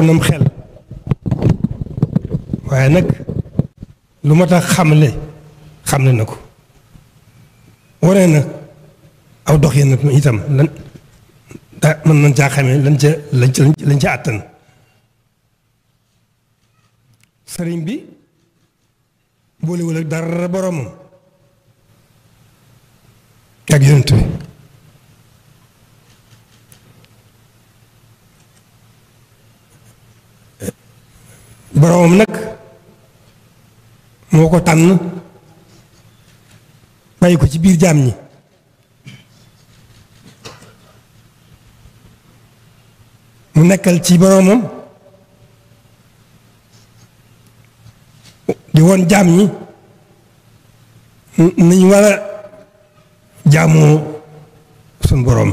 ñaawoon nam xel waaye nag lu ma tax xamle xamle na ko waree na aw dox yéen itam lan mën nañ caa xamee lan ca lañ ca lañ ca àttan sëriñ bi boolewul ak dara boromam ak yonent boroomam nag moo ko tànn bàyyi ko ci biir jaam ñi mu nekkal ci boroomam di won jaam ñi nañu war a jaamoo suñ boroom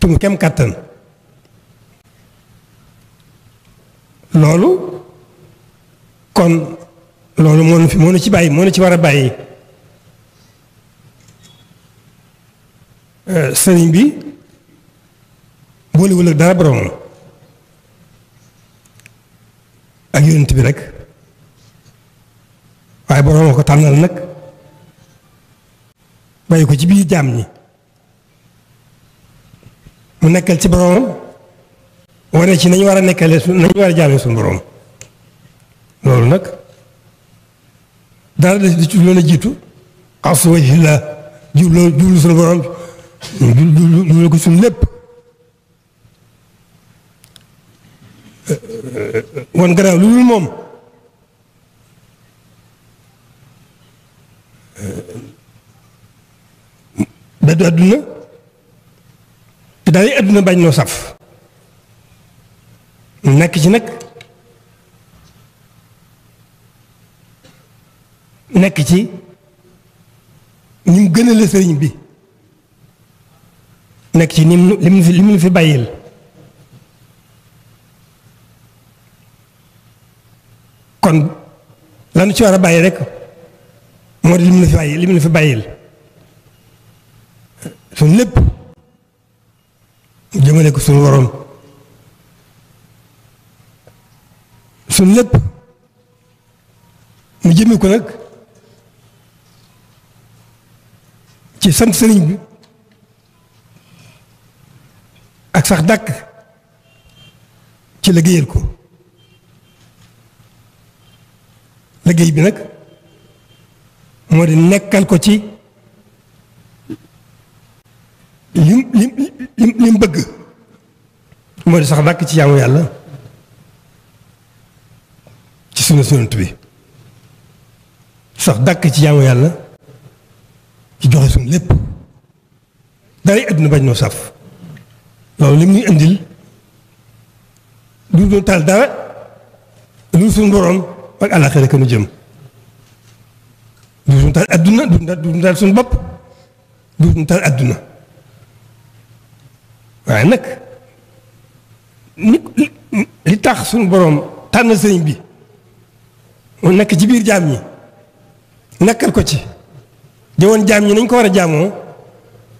tum kem kàttan loolu kon loolu moo fi moo ci bàyyi moo nu ci war a bàyyi euh, sëriñ bi boolewul ak dara boromam ak yonent bi rek waaye boromam ko tànnal nag bàyyi ko ci biir jaam ñi mu nekkal ci boromam wane ci nañu war a nekkale nañu war a jaame su borom loolu nag dara da ci loolu jiitu xasu wajhillah jublu jublu suñu borom jublu ko suñu lépp wan gannaaw lu dul moom beddu adduna te daal àdduna bañ noo saf nekk ci nag nekk ci ñim gën a la sëriñ bi nekk ci nim lim fi lim fi bàyyil kon lanu ci war a bàyyi rek moo di lim la fi bàyyi lim la fi bàyyil suñ lépp jëmale ko suñu waroon suñu lépp mu jëmee ko nag ci sant sëriñ bi ak sax dàkk ci liggéeyal ko liggéey bi nag moo di nekkal ko ci lim lim lim bëgg moo di sax dàkk ci jaamu yàlla sunna sunant bi sax dàkk ci jaamu yàlla ci joxe suñ lépp daray àdduna bañ noo saf loolu li muy indil du doon taal dara lu suñ boroom ak àllaaxira ka nu jëm du suñ taal àdduna du suñ taal suñ bopp du suñ taal àdduna waaye nag ni li tax suñ boroom tànn sëriñ bi mu nekk ci biir jaam ñi nekkal ko ci di woon jaam ñi nañ ko war a jaamoo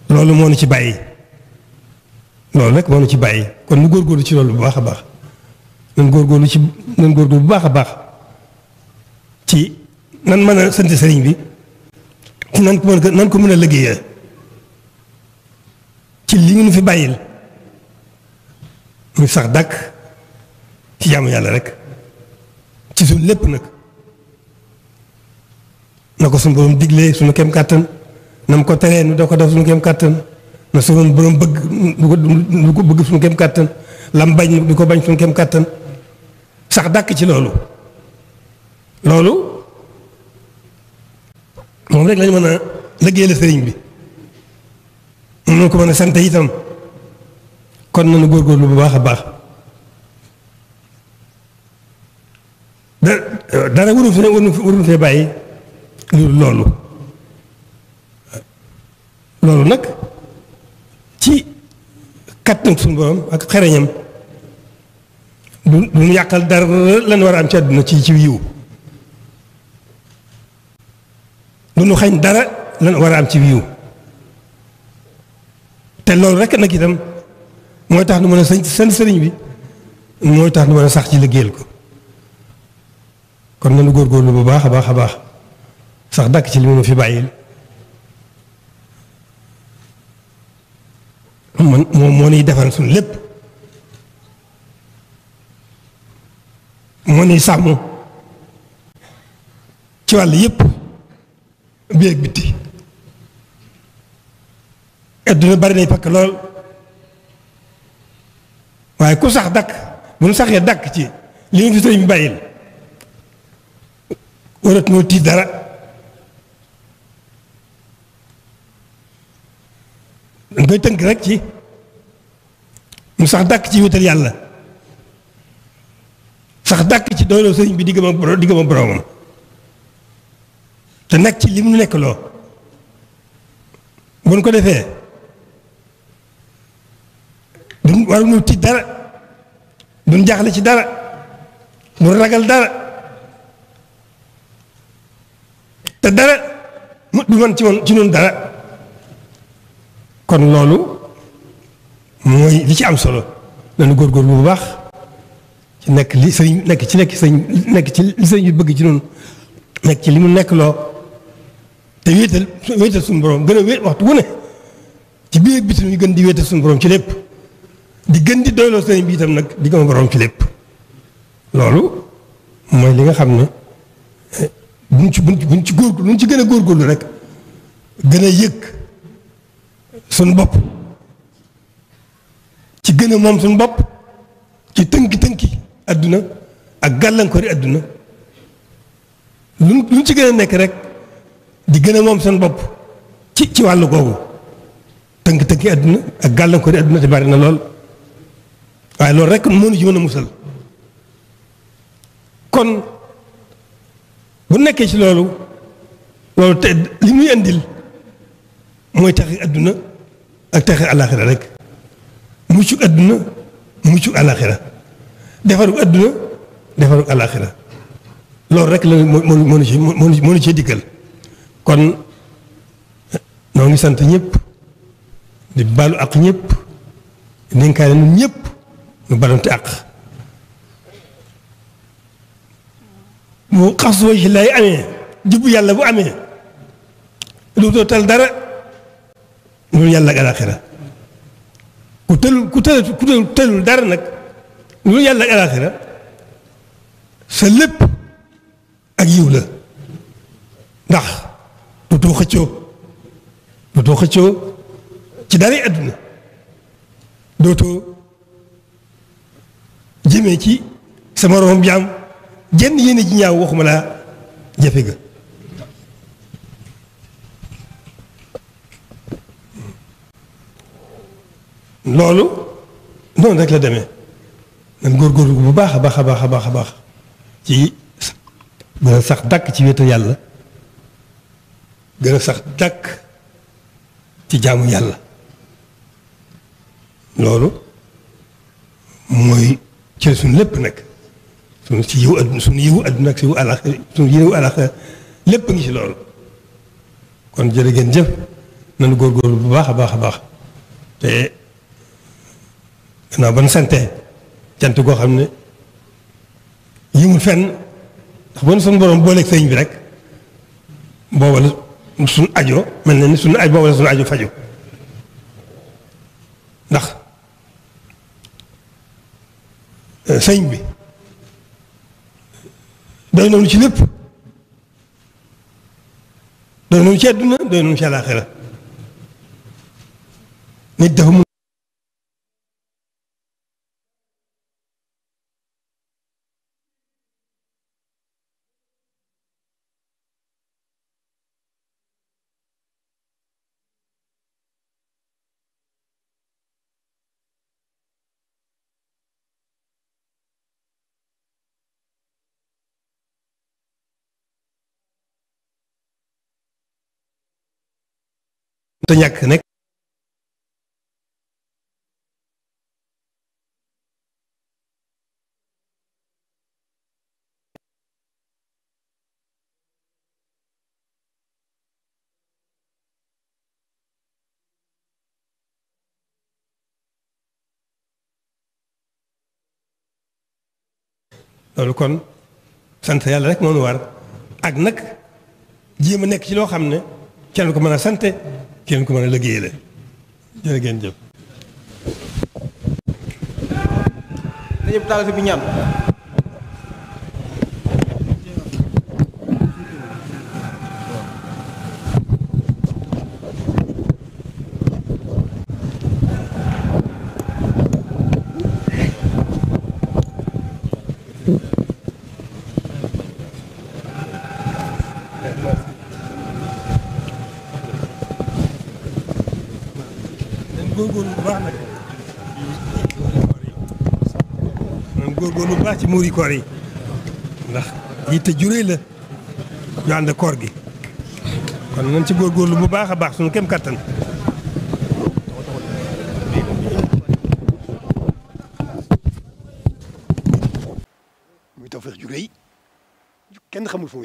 loolu moo nu ci bàyyi loolu rek moo nu ci bàyyi kon nu lu ci loolu bu baax a baax nan lu ci nan góor bu baax a baax ci nan mën a sant sëriñ bi ci nan ko mën a nan ko mën a liggéeyee ci li nu fi bàyyil ñu sax dàkk ci jaamu yàlla rek ci suñ lépp nag. na ko suñu borom diglee suñu kem kàttan na mu ko teree nu da ko def suñu kem kàttan na suñu borom bëgg nu ko bëgg suñu kem kàttan lam bañ du ko bañ suñu kem kàttan sax dàkk ci loolu loolu moom rek lañu mën a liggéeyal sëriñ bi mun ko mën a sant itam kon góor góorgóorlu bu baax a baax da warul fi ne warul fee bàyyi ngir loolu loolu nag ci kattan suñu borom ak xereñam du du mu yàqal dara lan war a am ci àdduna ci ci yiw du nu xañ dara lan war a am ci yiw te loolu rek nag itam mooy tax nu mën a sëñ seen sëriñ bi mooy tax nu mën a sax ci liggéeyal ko kon nañu góorgóorlu bu baax a baax a baax sax dàkk ci li mu fi bàyyil man moom moo ñuy defar suñu lépp moo ñuy sàmm ci wàll yépp bi ak bitti adduna bari nay pakk lool waaye ku sax dakk bu nu saxee dakk ci li ñu fi sëriñ bi bàyyil warat noo tiit dara dañ koy tënk rek ci mu sax dàkk ci wutal yàlla sax dàkk ci doyloo sëriñ bi diggam ak diggam ak boroomam te nekk ci li mu nekk loo bu ko defee duñ waruñu tiit dara duñ jaaxle ci dara du ragal dara te dara mu du man ci woon ci noonu dara kon loolu mooy li ci am solo góor góor bu baax ci nekk li sëñ nekk ci nekk sëñ nekk ci li sëñ bi bëgg ci noonu nekk ci li mu nekk loo te wéetal wéetal suñu borom gën a wé waxtu wu ne ci biir bitim ñu gën di wéetal suñu borom ci lépp di gën di doyloo sëñ bi itam nag di gën a borom ci lépp loolu mooy li nga xam ne eh, buñ ci buñ ci buñ ci góorgóorlu buñ ci gën a góor góorgóorlu rek gën a yëg. suñu bopp ci gën a moom suñu bopp ci tënki-tënki àdduna ak gàllankoori àdduna lu lu ci gën a nekk rek di gën a moom suñu bopp ci ci wàll googu tënki-tënki àdduna ak gàllankoori àdduna te bari na lool waaye loolu rek mënu ci mën a musal kon bu nekkee ci loolu loolu te li muy indil mooy taxi àdduna ak texe àllaaxira rek muccuk àdduna muccuk àllaaxira defarug àdduna defarug àllaaxira loolu rek la moo ci moo nu ci diggal kon noo ngi sant ñëpp di balu ak ñëpp dénkaane nun ñëpp nu balante ak bu xas wa ci lay amee jubbu yàlla bu amee lu doo tal dara loolu yàlla ak alaaxira ku tëlul ku tëlul ku tëlul dara nag loolu yàlla ak alaaxira sa lépp ak yiw ndax dootoo xëccoo dootoo xëccoo ci dara àdduna dootoo jëmee ci sama moroom jaam jenn yéene ji ñaaw waxuma laa jafe ga loolu noonu rek la demee nan góorgóorlu bu baax a baax a baax a baax a baax ci gën a sax dàkk ci wéetal yàlla gën a sax dàkk ci jaamu yàlla loolu mooy ci suñ lépp nag suñu ci yiw adduna suñu yiwu adduna ak si yiwu alaxira suñu yiwu ngi ci loolu kon jërë ngeen jëf góor góorgóorlu bu baax a baax a baax te gannaaw ban sante cant goo xam ne yimul fen ndax bon suñu borom booleeg sëñ bi rek booba la ajo mel na ni suñu aj booba la ajo fajo ndax euh, sëñ bi doy noonu ci lépp doy noonu ci àdduna doy noonu ci àllaaxira nit dafa te ñàkk nekk loolu kon sant yàlla rek moo war ak nag jéem ma nekk ci loo xam ne ci la ko mën a sante kenn ku mën a liggéeyale jërë ngeen jëf. na ñëpp taal bi ñaan. Thank you. góorgóorlu bu baax nag maanaam góorgóorlu bu baax ci muuri koor yi ndax yitte juree la ñu ànd koor gi kon nañ ci góor góorgóorlu bu baax a baax suñu kem kattan. muy Tawfekh xamul fu mu